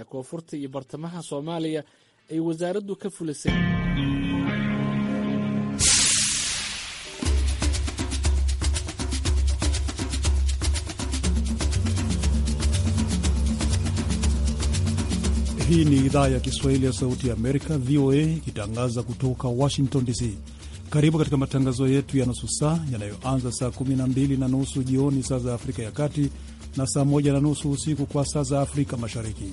ee koonfurta iyo bartamaha soomaaliya ay wasaaraddu ka fulisay Hii ni idhaa ya Kiswahili ya Sauti ya Amerika, VOA, ikitangaza kutoka Washington DC. Karibu katika matangazo yetu ya nusu saa yanayoanza saa 12 na nusu jioni saa za Afrika ya Kati na saa 1 na nusu usiku kwa saa za Afrika Mashariki.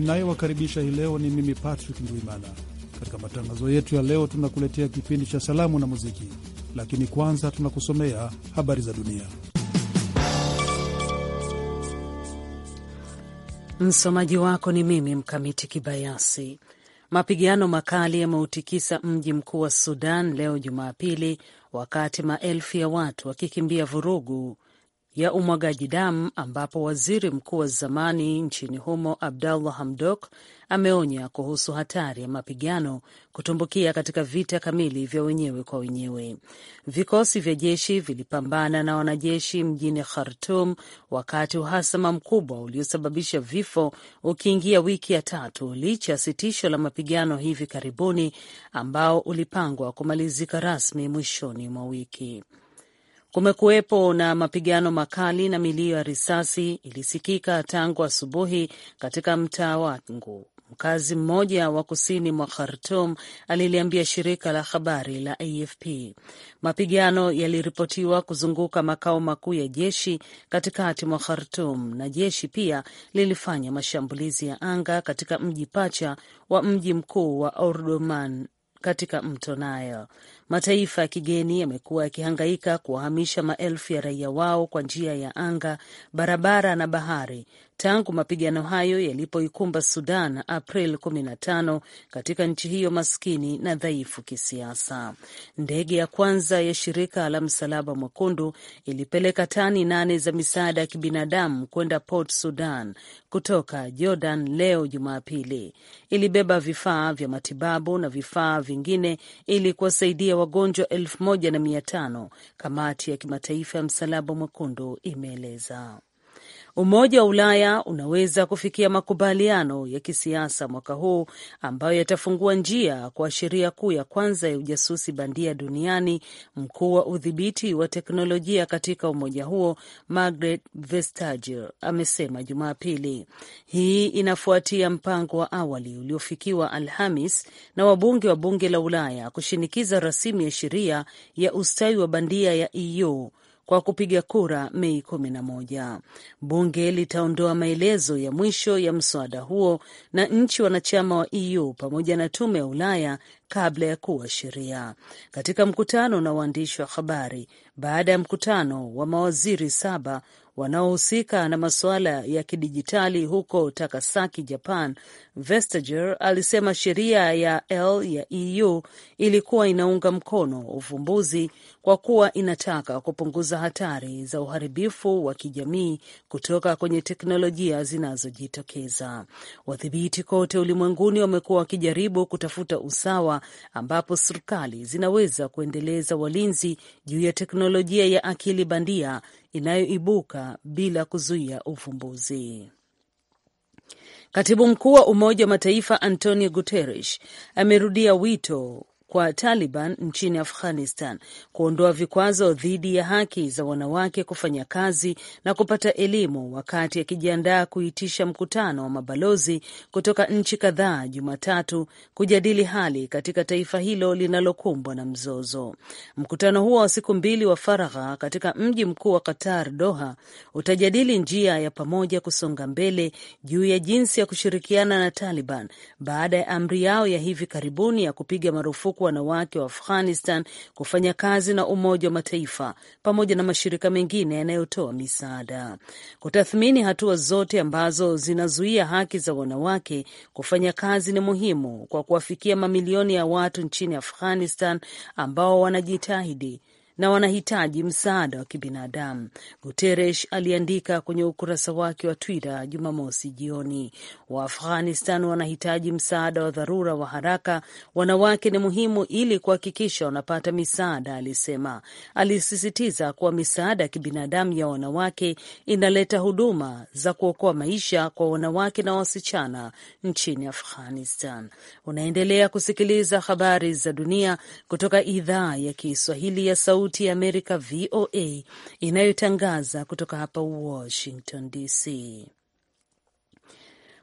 ninayewakaribisha hii leo ni mimi Patrick Ndwimana. Katika matangazo yetu ya leo, tunakuletea kipindi cha salamu na muziki, lakini kwanza tunakusomea habari za dunia. Msomaji wako ni mimi Mkamiti Kibayasi. Mapigano makali yameutikisa mji mkuu wa Sudan leo Jumapili, wakati maelfu ya watu wakikimbia vurugu ya umwagaji damu ambapo waziri mkuu wa zamani nchini humo Abdallah Hamdok ameonya kuhusu hatari ya mapigano kutumbukia katika vita kamili vya wenyewe kwa wenyewe. Vikosi vya jeshi vilipambana na wanajeshi mjini Khartum wakati uhasama mkubwa uliosababisha vifo ukiingia wiki ya tatu, licha ya sitisho la mapigano hivi karibuni ambao ulipangwa kumalizika rasmi mwishoni mwa wiki. Kumekuwepo na mapigano makali na milio ya risasi ilisikika tangu asubuhi katika mtaa wangu. Mkazi mmoja wa kusini mwa Khartum aliliambia shirika la habari la AFP mapigano yaliripotiwa kuzunguka makao makuu ya jeshi katikati mwa Khartum, na jeshi pia lilifanya mashambulizi ya anga katika mji pacha wa mji mkuu wa ordoman katika mto Nile. Mataifa ya kigeni yamekuwa yakihangaika kuwahamisha maelfu ya raia wao kwa njia ya anga, barabara na bahari tangu mapigano hayo yalipoikumba Sudan April 15 katika nchi hiyo maskini na dhaifu kisiasa. Ndege ya kwanza ya shirika la Msalaba Mwekundu ilipeleka tani nane za misaada ya kibinadamu kwenda Port Sudan kutoka Jordan leo Jumapili. Ilibeba vifaa vya matibabu na vifaa vingine ili kuwasaidia wagonjwa elfu moja na mia tano kamati ya kimataifa ya Msalaba Mwekundu imeeleza. Umoja wa Ulaya unaweza kufikia makubaliano ya kisiasa mwaka huu ambayo yatafungua njia kwa sheria kuu ya kwanza ya ujasusi bandia duniani. Mkuu wa udhibiti wa teknolojia katika umoja huo Margaret Vestager amesema Jumapili. Hii inafuatia mpango wa awali uliofikiwa Alhamis na wabunge wa bunge la Ulaya kushinikiza rasimu ya sheria ya ustawi wa bandia ya EU kwa kupiga kura Mei kumi na moja. Bunge litaondoa maelezo ya mwisho ya mswada huo na nchi wanachama wa EU pamoja na tume ya Ulaya kabla ya kuwa sheria. Katika mkutano na waandishi wa habari baada ya mkutano wa mawaziri saba wanaohusika na masuala ya kidijitali huko Takasaki, Japan, Vestager alisema sheria ya L ya EU ilikuwa inaunga mkono uvumbuzi kwa kuwa inataka kupunguza hatari za uharibifu wa kijamii kutoka kwenye teknolojia zinazojitokeza. Wadhibiti kote ulimwenguni wamekuwa wakijaribu kutafuta usawa ambapo serikali zinaweza kuendeleza walinzi juu ya teknolojia ya akili bandia inayoibuka bila kuzuia uvumbuzi. Katibu mkuu wa Umoja wa Mataifa Antonio Guterres amerudia wito kwa Taliban nchini Afghanistan, kuondoa vikwazo dhidi ya haki za wanawake kufanya kazi na kupata elimu, wakati akijiandaa kuitisha mkutano wa mabalozi kutoka nchi kadhaa Jumatatu kujadili hali katika taifa hilo linalokumbwa na mzozo. Mkutano huo wa siku mbili wa faragha katika mji mkuu wa Qatar, Doha, utajadili njia ya pamoja kusonga mbele juu ya jinsi ya kushirikiana na Taliban baada ya amri yao ya hivi karibuni ya kupiga marufuku kwa wanawake wa Afghanistan kufanya kazi na Umoja wa Mataifa pamoja na mashirika mengine yanayotoa misaada kutathmini hatua zote ambazo zinazuia haki za wanawake kufanya kazi ni muhimu kwa kuwafikia mamilioni ya watu nchini Afghanistan ambao wanajitahidi na wanahitaji msaada wa kibinadamu, Guterres aliandika kwenye ukurasa wake wa Twitter Jumamosi jioni. Waafghanistan wanahitaji msaada wa dharura wa haraka. Wanawake ni muhimu ili kuhakikisha wanapata misaada, alisema. Alisisitiza kuwa misaada ya kibinadamu ya wanawake inaleta huduma za kuokoa maisha kwa wanawake na wasichana nchini Afghanistan. Unaendelea kusikiliza habari za dunia kutoka idhaa ya Kiswahili ya Sauti Sauti ya Amerika VOA inayotangaza kutoka hapa Washington DC.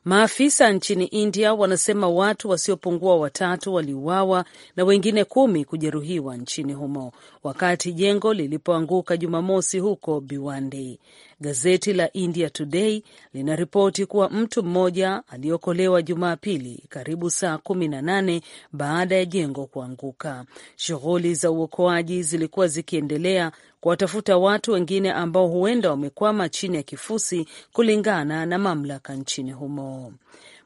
Maafisa nchini India wanasema watu wasiopungua watatu waliuawa na wengine kumi kujeruhiwa nchini humo wakati jengo lilipoanguka Jumamosi huko Biwandi. Gazeti la India Today linaripoti kuwa mtu mmoja aliokolewa Jumapili karibu saa kumi na nane baada ya jengo kuanguka. Shughuli za uokoaji zilikuwa zikiendelea kuwatafuta watu wengine ambao huenda wamekwama chini ya kifusi, kulingana na mamlaka nchini humo.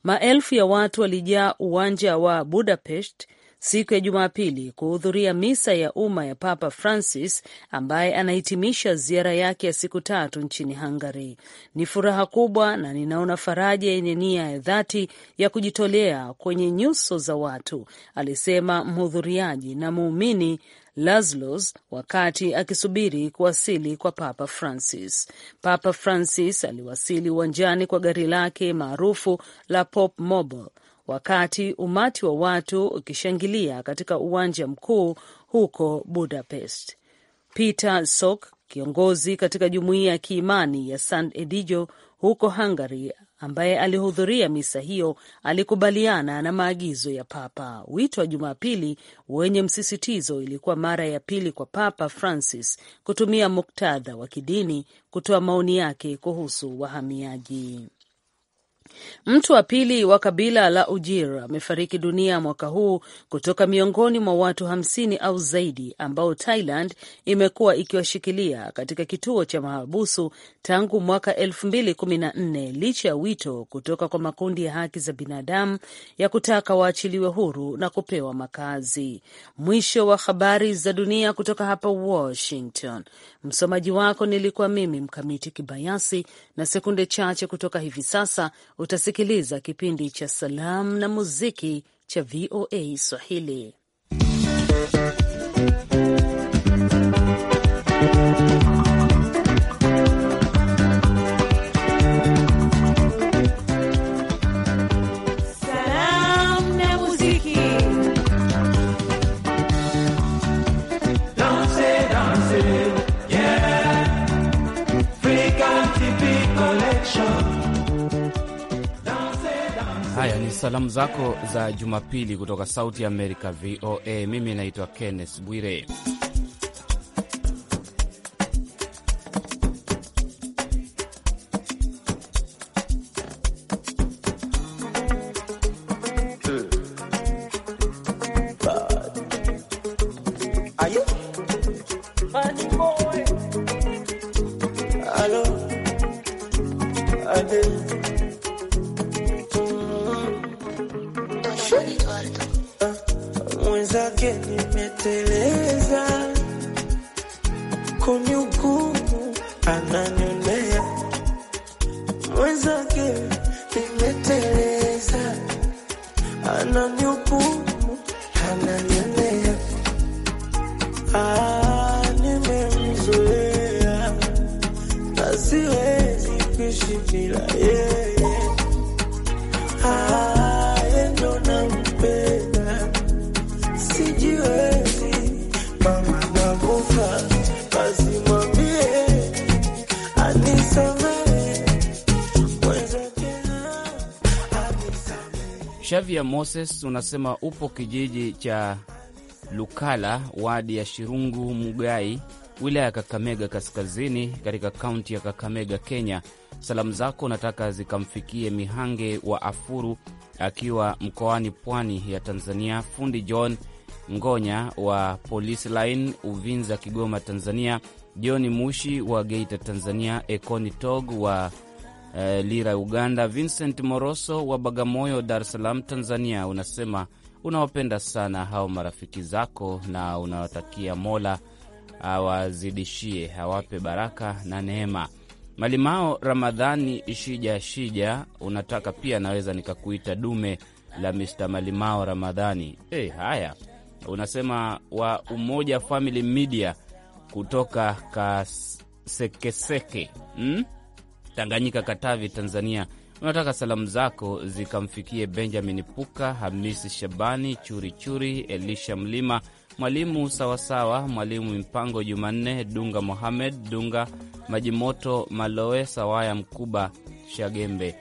Maelfu ya watu walijaa uwanja wa Budapest siku ya Jumapili kuhudhuria misa ya umma ya Papa Francis ambaye anahitimisha ziara yake ya siku tatu nchini Hungary. Ni furaha kubwa na ninaona faraja yenye nia ya dhati ya kujitolea kwenye nyuso za watu, alisema mhudhuriaji na muumini Lazlos wakati akisubiri kuwasili kwa Papa Francis. Papa Francis aliwasili uwanjani kwa gari lake maarufu la Pop Mobile wakati umati wa watu ukishangilia katika uwanja mkuu huko Budapest. Peter Sok, kiongozi katika jumuiya ya kiimani ya San Edijo huko Hungary, ambaye alihudhuria misa hiyo, alikubaliana na maagizo ya Papa. Wito wa Jumapili wenye msisitizo ilikuwa mara ya pili kwa Papa Francis kutumia muktadha wa kidini kutoa maoni yake kuhusu wahamiaji. Mtu wa pili wa kabila la Ujir amefariki dunia mwaka huu kutoka miongoni mwa watu hamsini au zaidi ambao Thailand imekuwa ikiwashikilia katika kituo cha mahabusu tangu mwaka elfu mbili kumi na nne licha ya wito kutoka kwa makundi ya haki za binadamu ya kutaka waachiliwe huru na kupewa makazi. Mwisho wa habari za dunia kutoka hapa Washington. Msomaji wako nilikuwa mimi Mkamiti Kibayasi, na sekunde chache kutoka hivi sasa Utasikiliza kipindi cha salamu na muziki cha VOA Swahili salamu zako za Jumapili kutoka Sauti Amerika, VOA. Mimi naitwa Kenneth Bwire. Shavia Moses unasema upo kijiji cha Lukala, wadi ya Shirungu Mugai, wilaya ya Kakamega Kaskazini, katika kaunti ya Kakamega, Kenya. Salamu zako nataka zikamfikie Mihange wa Afuru akiwa mkoani Pwani ya Tanzania, fundi John Ngonya wa Police Line Uvinza, Kigoma, Tanzania, John Mushi wa Geita, Tanzania, Ekoni Tog wa Eh, Lira Uganda. Vincent Moroso wa Bagamoyo, Dar es Salaam, Tanzania, unasema unawapenda sana hao marafiki zako na unawatakia Mola awazidishie, awape baraka na neema. Malimao Ramadhani Shija Shija unataka pia naweza nikakuita dume la Mr. Malimao Ramadhani. Hey, eh, haya unasema wa Umoja Family Media kutoka Kasekeseke, hmm? Tanganyika, Katavi, Tanzania, unataka salamu zako zikamfikie Benjamin Puka, Hamisi Shabani, Churi Churi, Elisha Mlima, Mwalimu Sawasawa, Mwalimu Mpango, Jumanne Dunga, Mohamed Dunga, Majimoto Maloe, Sawaya Mkuba, Shagembe,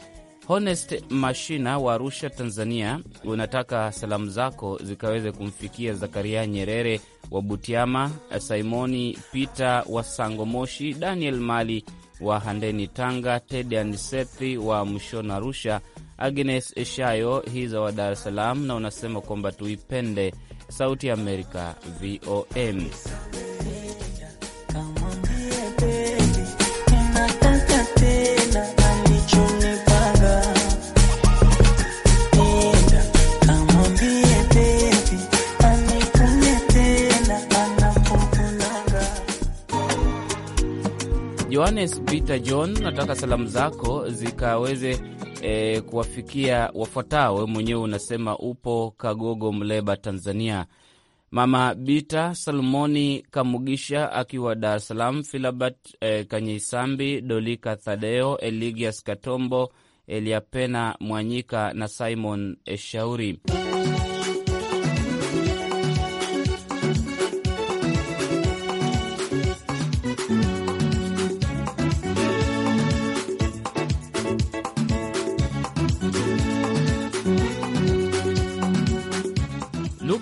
Honest Mashina wa Arusha, Tanzania. Unataka salamu zako zikaweze kumfikia Zakaria Nyerere wa Butiama, Simoni Peter wa Sangomoshi, Moshi, Daniel Mali wa Handeni Tanga, Tedi Anisethi wa Mshona Arusha, Agnes Eshayo Hiza wa Dar es Salaam, na unasema kwamba tuipende Sauti ya Amerika VOM. Johannes Bita John, nataka salamu zako zikaweze e, kuwafikia wafuatao. Wewe mwenyewe unasema upo Kagogo, Mleba, Tanzania. Mama Bita Salmoni Kamugisha akiwa Dar es Salaam, Filabert e, eh, Kanyeisambi, Dolika Thadeo, Eligias Katombo, Eliapena Mwanyika na Simon Eshauri.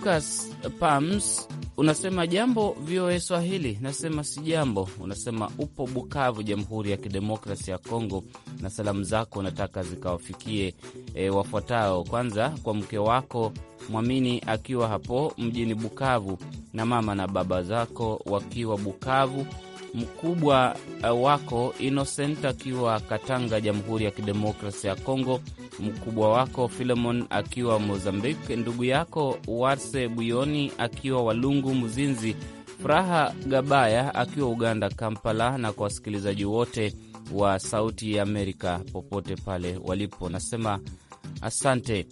Lucas Pams unasema jambo VOA Swahili. Nasema si jambo. Unasema upo Bukavu, Jamhuri ya Kidemokrasi ya Kongo, na salamu zako unataka zikawafikie e, wafuatao. Kwanza kwa mke wako Mwamini akiwa hapo mjini Bukavu, na mama na baba zako wakiwa Bukavu, mkubwa eh, wako Innocent akiwa Katanga, Jamhuri ya Kidemokrasi ya Kongo, mkubwa wako Filemon akiwa Mozambique, ndugu yako Warse Buyoni akiwa Walungu Mzinzi, Furaha Gabaya akiwa Uganda, Kampala, na kwa wasikilizaji wote wa Sauti ya Amerika popote pale walipo, nasema asante.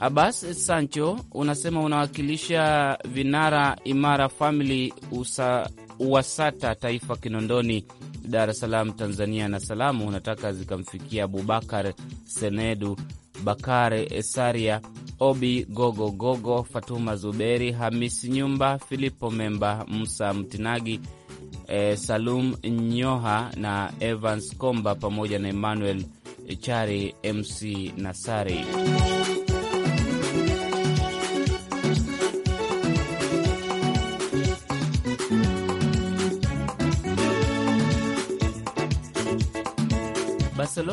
Abbas Sancho unasema unawakilisha Vinara Imara Family usa Wasata Taifa, Kinondoni, Dar es Salaam, Tanzania, na salamu unataka zikamfikia Abubakar Senedu, bakar Esaria, Obi Gogo Gogo, Fatuma Zuberi, Hamisi Nyumba, Filipo Memba, Musa Mtinagi, eh, Salum Nyoha na Evans Komba pamoja na Emmanuel Chari, MC Nasari.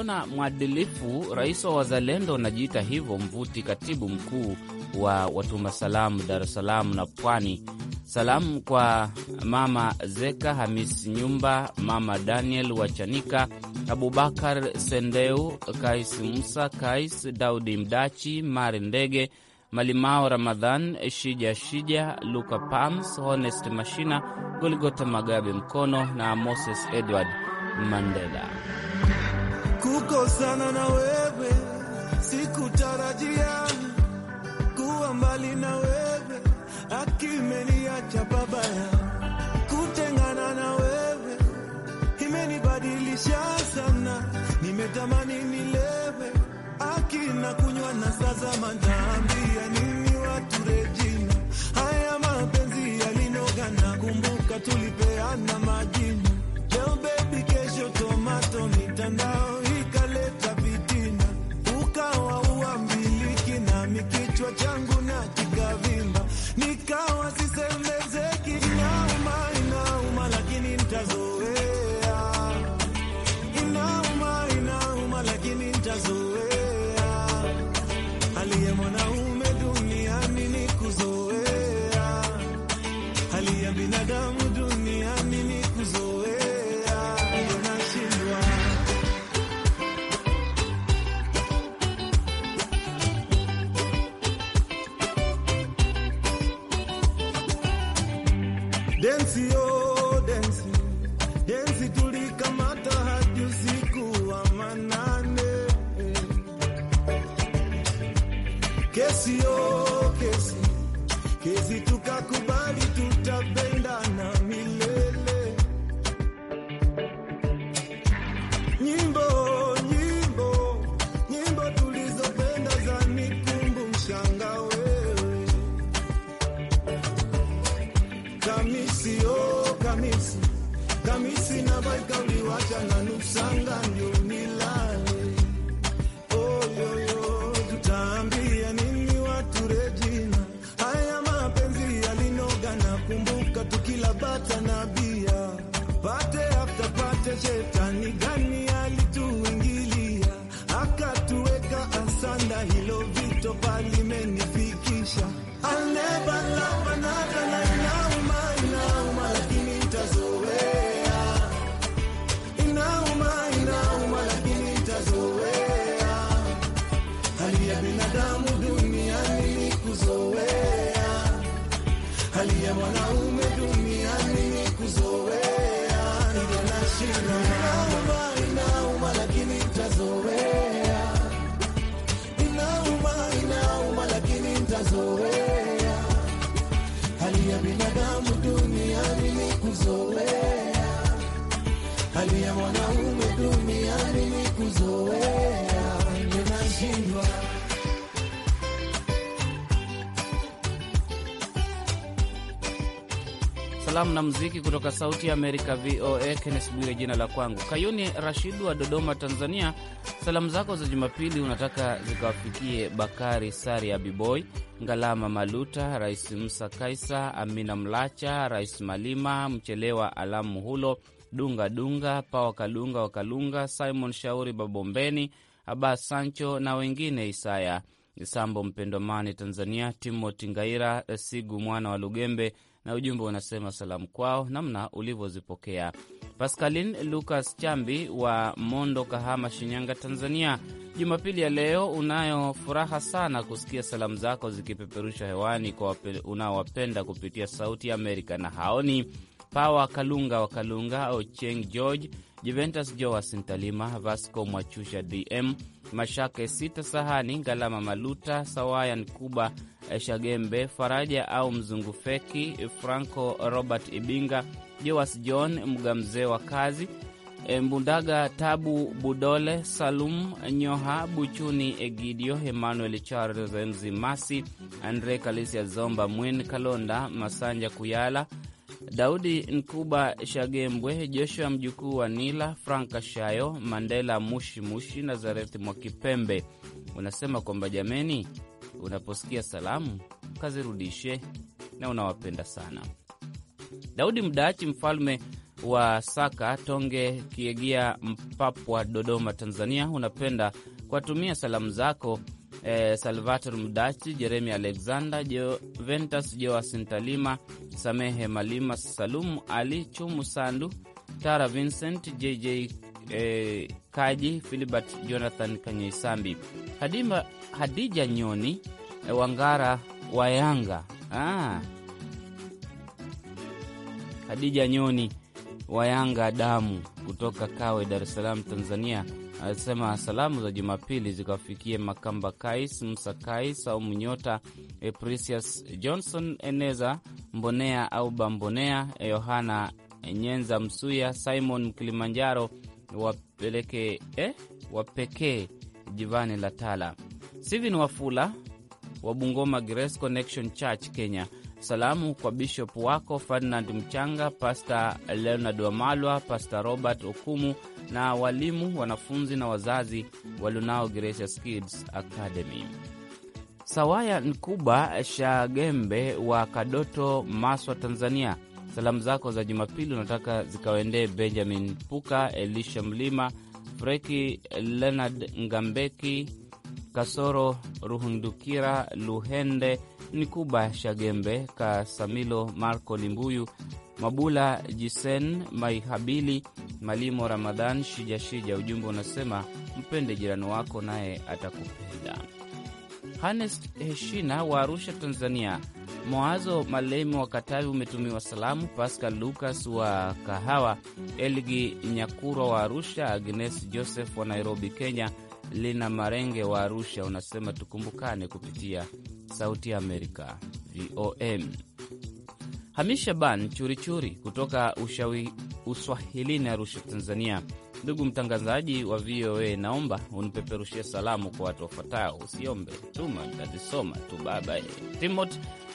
Yohana Mwadilifu, rais wa wazalendo unajiita hivyo, Mvuti, katibu mkuu wa watuma salamu Dar es Salaam na Pwani. Salamu kwa mama Zeka Hamis Nyumba, mama Daniel Wachanika, Abubakar Sendeu, Kais Musa Kais, Daudi Mdachi, Mari Ndege, Malimao Ramadhan, Shija Shija, Luka Pams, Honest Mashina, Goligota Magabe Mkono na Moses Edward Mandela kukosana na wewe sikutarajia, kuwa mbali na wewe akimeniacha babaya, kutengana na wewe imenibadilisha sana, nimetamani nilewe akina kunywa na sasa mataambia nini watu rejina, haya mapenzi yalinoga na kumbuka tulipeana majina, leo baby, kesho tomato mitandao kichwa changu Dance salamu na mziki kutoka Sauti ya Amerika, VOA. Kennes Bwire jina la kwangu. Kayuni Rashidu wa Dodoma, Tanzania, salamu zako za Jumapili unataka zikawafikie Bakari Sari Abiboy, Ngalama Maluta, Rais Musa Kaisa, Amina Mlacha, Rais Malima Mchelewa, Alamu Muhulo Dunga Dunga, Pa Wakalunga Wakalunga, Simon Shauri Babombeni, abas Sancho na wengine, Isaya Isambo Mpendomani Tanzania, Timoti Ngaira Sigu mwana wa Lugembe na ujumbe unasema salamu kwao namna ulivyozipokea. pascalin Lucas Chambi wa Mondo, Kahama, Shinyanga, Tanzania, Jumapili ya leo unayo furaha sana kusikia salamu zako zikipeperusha hewani kwa unaowapenda kupitia Sauti ya Amerika, na haoni Pawa Kalunga wa Kalunga, Ocheng George, Juventus Joas Ntalima, Vasco Mwachusha, DM Mashake Sita Sahani, Ngalama Maluta, Sawayan Nkuba Shagembe, Faraja au Mzungu Feki, Franco Robert Ibinga, Joas John Mga, mzee wa kazi Mbundaga, Tabu Budole, Salum Nyoha, Buchuni Egidio, Emmanuel Charles Nzimasi, Andre Kalisia Zomba, mwin Kalonda Masanja Kuyala Daudi Nkuba Shagembwe, Joshua mjukuu wa Nila, Franka Shayo, Mandela mushi Mushi, Nazareti Mwakipembe, unasema kwamba jameni, unaposikia salamu kazirudishe na unawapenda sana. Daudi Mdaachi, mfalme wa Saka Tonge, Kiegia, Mpapwa, Dodoma, Tanzania, unapenda kuwatumia salamu zako eh, Salvator Mdachi, Jeremi Alexander, Joventus Joasin Talima, Samehe Malima, Salumu Ali Chumu, Sandu Tara, Vincent JJ eh, Kaji, Filibert Jonathan Kanyeisambi, Hadima Hadija Nyoni, eh, Wangara Wayanga ah. Hadija Nyoni Wayanga damu kutoka Kawe, Dar es Salaam, Tanzania Anasema salamu za Jumapili zikafikia Makamba Kais, Musa Kais au Mnyota, Eprisius Johnson, Eneza Mbonea au Bambonea, Yohana Nyenza Msuya, Simon Mkilimanjaro, wapeleke eh, wapekee Jivani la tala Steven Wafula wa Bungoma, Grace Connection Church Kenya. Salamu kwa bishop wako Ferdinand Mchanga, pasto Leonard Wamalwa, pasto Robert Okumu na walimu, wanafunzi na wazazi walionao Gracious Kids Academy. Sawaya Nkuba Shagembe wa Kadoto, Maswa, Tanzania, salamu zako za Jumapili unataka zikawaendee Benjamin Puka, Elisha Mlima, Freki Leonard Ngambeki, Kasoro Ruhundukira, Luhende Nkuba Shagembe, Kasamilo Marco Limbuyu, Mabula Jisen Maihabili Malimo Ramadhan Shijashija, ujumbe unasema mpende jirani wako naye atakupenda. Hanes Heshina wa Arusha, Tanzania. Mwazo Malemi wa Katavi umetumiwa salamu. Pascal Lucas wa Kahawa, Elgi Nyakurwa wa Arusha, Agnes Joseph wa Nairobi, Kenya, Lina Marenge wa Arusha, unasema tukumbukane kupitia Sauti ya Amerika VOM. Hamisha Ban Churichuri kutoka Ushawi Uswahilini, Arusha, Tanzania. Ndugu mtangazaji wa VOA, naomba unipeperushie salamu kwa watu wafuatao: usiombe tuma, tazisoma tu. Baba Timot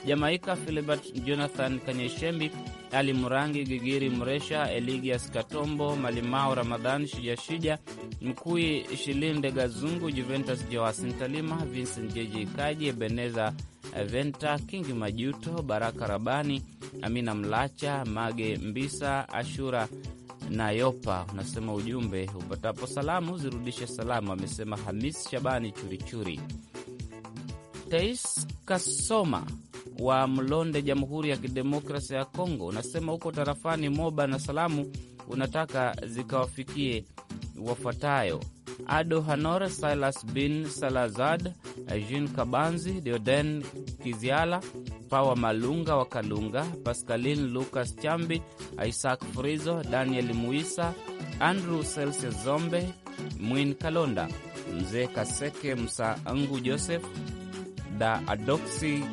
Jamaika, Filibert Jonathan Kanyeshembi, Ali Murangi, Gigiri Mresha, Eligias Katombo, Malimao Ramadhan, Shijashija Mkui, Shilinde Gazungu, Juventus joasintalima Vincent Jeji Kaji, Ebeneza Venta king Majuto Baraka, Rabani Amina, Mlacha Mage, Mbisa Ashura na Yopa. Unasema ujumbe upatapo salamu zirudishe salamu, amesema Hamis Shabani Churichuri. Tais Kasoma wa Mlonde, Jamhuri ya Kidemokrasia ya Kongo, unasema huko tarafani Moba na salamu unataka zikawafikie wafuatayo: hanor Silas bin Salazad, Jean Kabanzi, dioden Kiziala, Pawa Malunga wa Kalunga, Pascalin Lucas Chambi, Isaac Frizo, Daniel Muisa, Andrew Selse Zombe, Mwin Kalonda, Mzee Kaseke Msaangu, Joseph da Adoksi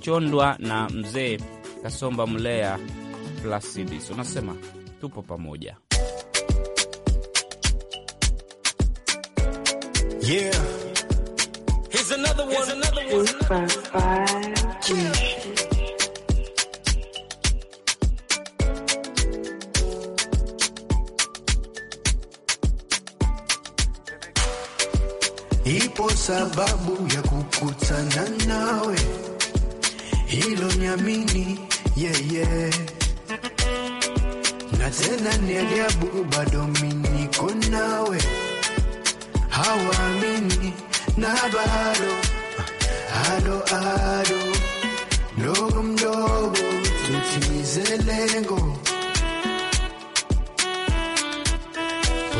Chondwa na Mzee Kasomba Mlea Plasidis. Unasema tupo pamoja. Yeah. Here's another one. Here's another one. Another five. Ipo sababu ya kukutana nawe, hilo niamini yeye, yeah, yeah. Na tena ni ajabu bado mimi niko nawe hawaamini na bado alo ado mdogo mdogo tutimize lengo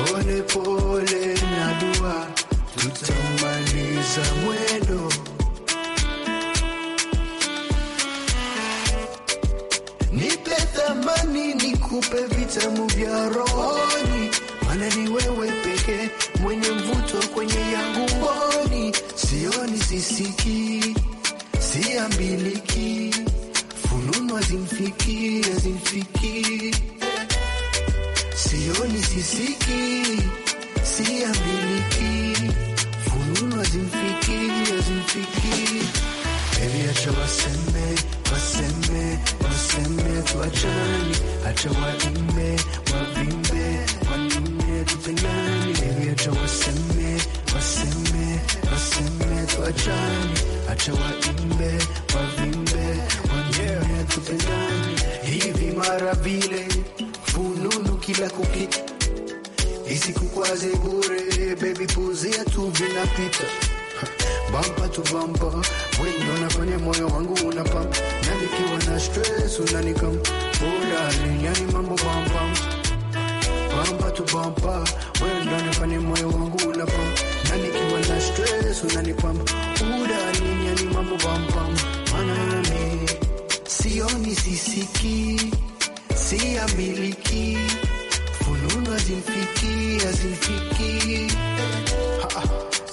pole pole na dua tutamaliza mwendo nipe thamani nikupe vitamu vya rohoni maana ni wewe pekee mwenye mvuto kwenye yangu mboni, sioni sisiki, siambiliki, fununu azimfiki, azimfiki, sioni sisiki, siambiliki, fununu azimfiki, azimfiki. Heri acha waseme waseme waseme, tuachani, acha waime wavimbe wanu tupendane, acha waseme waseme waseme, tuachane, acha waimbe wavimbe wajene, tupendane hivi mara vile, fununu kila kukita, isikukwaze bure baby, puzia tu vinapita bampa tu bampa, wengi wanafanya moyo wangu unapampa, na nikiwa na stress unanikam, oh darling, yani mambo bambam bamba tu bamba, wewe ndo unafanya moyo wangu unapa, na nikiwa na stress unanipamba, uda nini yani mambo bamba, maana mimi sioni, sisiki, siamiliki, fununu hazimfiki, hazimfiki,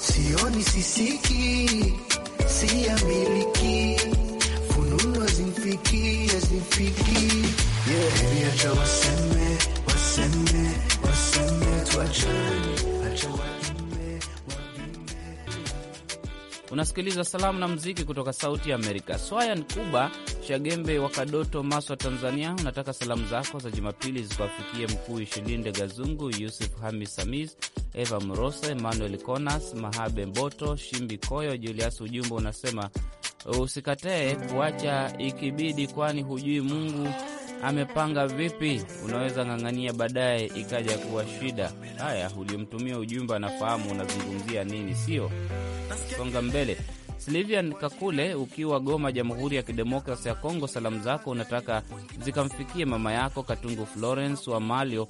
sioni, sisiki, siamiliki, fununu hazimfiki, hazimfiki, yeah, acha waseme Unasikiliza salamu na mziki kutoka Sauti ya Amerika. Swayan Kuba Shagembe wa Kadoto, Maswa, Tanzania, unataka salamu zako za Jumapili zikuwafikie mkuu Ishilinde Gazungu, Yusuf Hamis Hamis, Eva Mrosa, Emmanuel Konas, Mahabe Mboto, Shimbi Koyo Julias. Ujumbe unasema usikatae kuacha ikibidi, kwani hujui Mungu amepanga vipi, unaweza ng'ang'ania, baadaye ikaja kuwa shida. Haya, uliomtumia ujumbe anafahamu unazungumzia nini, sio? Songa mbele. Slivian Kakule ukiwa Goma, Jamhuri ya Kidemokrasi ya Kongo, salamu zako unataka zikamfikie mama yako Katungu Florence wa Malio,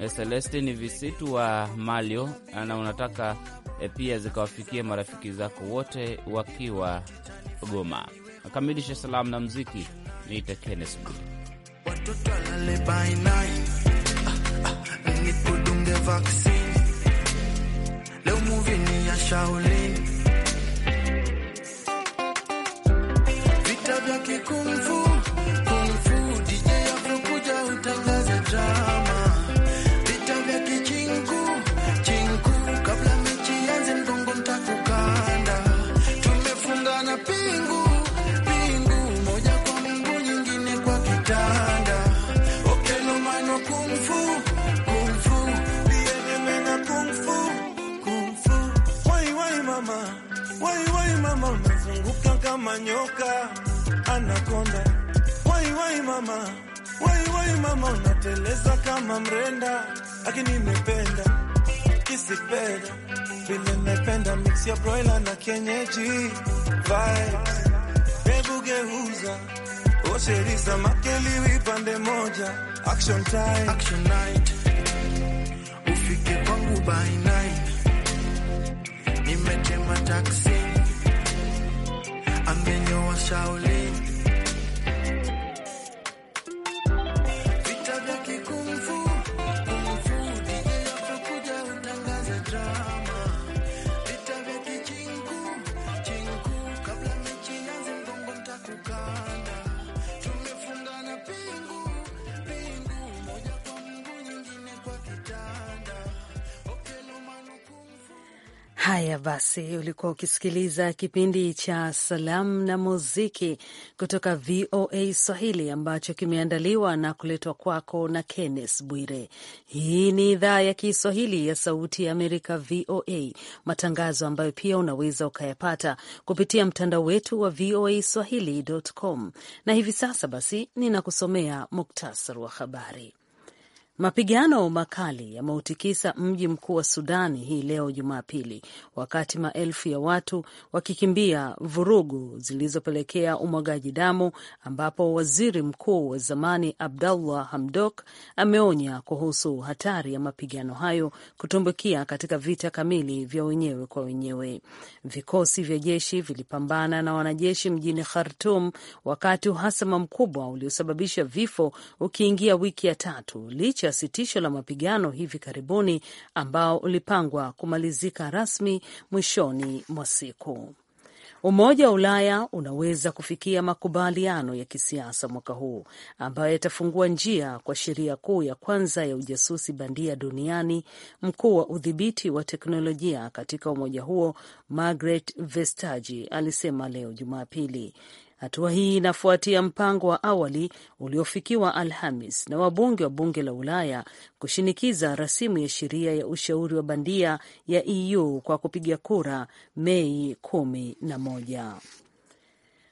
eh, Celestin Visitu wa Malio, na unataka eh, pia zikawafikie marafiki zako wote wakiwa Goma. Akamilishe salamu na mziki. Niite Kenneth Budi. Ah, ah, Leo movie ni ya Shaolin Action time, action night. Ufike kwangu by nine. Nimetema taksi. Amenyoa Shaolin. Haya basi, ulikuwa ukisikiliza kipindi cha Salamu na Muziki kutoka VOA Swahili ambacho kimeandaliwa na kuletwa kwako na Kenneth Bwire. Hii ni idhaa ya Kiswahili ya Sauti ya Amerika, VOA, matangazo ambayo pia unaweza ukayapata kupitia mtandao wetu wa VOA Swahili.com. Na hivi sasa basi, ninakusomea muktasar wa habari. Mapigano makali yameutikisa mji mkuu wa Sudani hii leo Jumapili, wakati maelfu ya watu wakikimbia vurugu zilizopelekea umwagaji damu, ambapo waziri mkuu wa zamani Abdallah Hamdok ameonya kuhusu hatari ya mapigano hayo kutumbukia katika vita kamili vya wenyewe kwa wenyewe. Vikosi vya jeshi vilipambana na wanajeshi mjini Khartum wakati uhasama mkubwa uliosababisha vifo ukiingia wiki ya tatu licha kufuatia sitisho la mapigano hivi karibuni ambao ulipangwa kumalizika rasmi mwishoni mwa siku. Umoja wa Ulaya unaweza kufikia makubaliano ya kisiasa mwaka huu ambayo yatafungua njia kwa sheria kuu ya kwanza ya ujasusi bandia duniani. Mkuu wa udhibiti wa teknolojia katika umoja huo Margaret Vestager alisema leo Jumapili Hatua hii inafuatia mpango wa awali uliofikiwa Alhamis na wabunge wa bunge la Ulaya kushinikiza rasimu ya sheria ya ushauri wa bandia ya EU kwa kupiga kura Mei kumi na moja.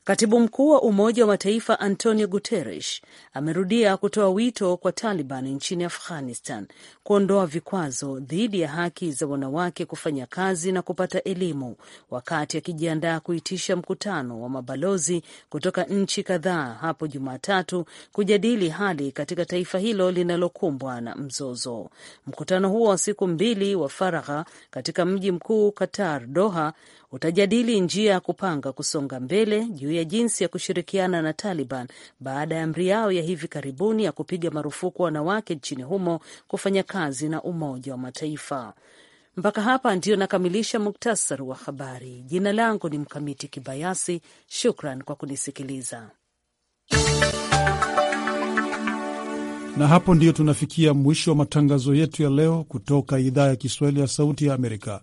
Katibu mkuu wa Umoja wa Mataifa Antonio Guterres amerudia kutoa wito kwa Taliban nchini Afghanistan kuondoa vikwazo dhidi ya haki za wanawake kufanya kazi na kupata elimu, wakati akijiandaa kuitisha mkutano wa mabalozi kutoka nchi kadhaa hapo Jumatatu kujadili hali katika taifa hilo linalokumbwa na mzozo. Mkutano huo wa siku mbili wa faragha katika mji mkuu Qatar, Doha, utajadili njia ya kupanga kusonga mbele juu ya jinsi ya kushirikiana na Taliban baada ya amri yao ya hivi karibuni ya kupiga marufuku wanawake nchini humo kufanya kazi na Umoja wa Mataifa. Mpaka hapa ndiyo nakamilisha muktasari wa habari. Jina langu ni Mkamiti Kibayasi. Shukran kwa kunisikiliza. Na hapo ndiyo tunafikia mwisho wa matangazo yetu ya leo kutoka idhaa ya Kiswahili ya Sauti ya Amerika.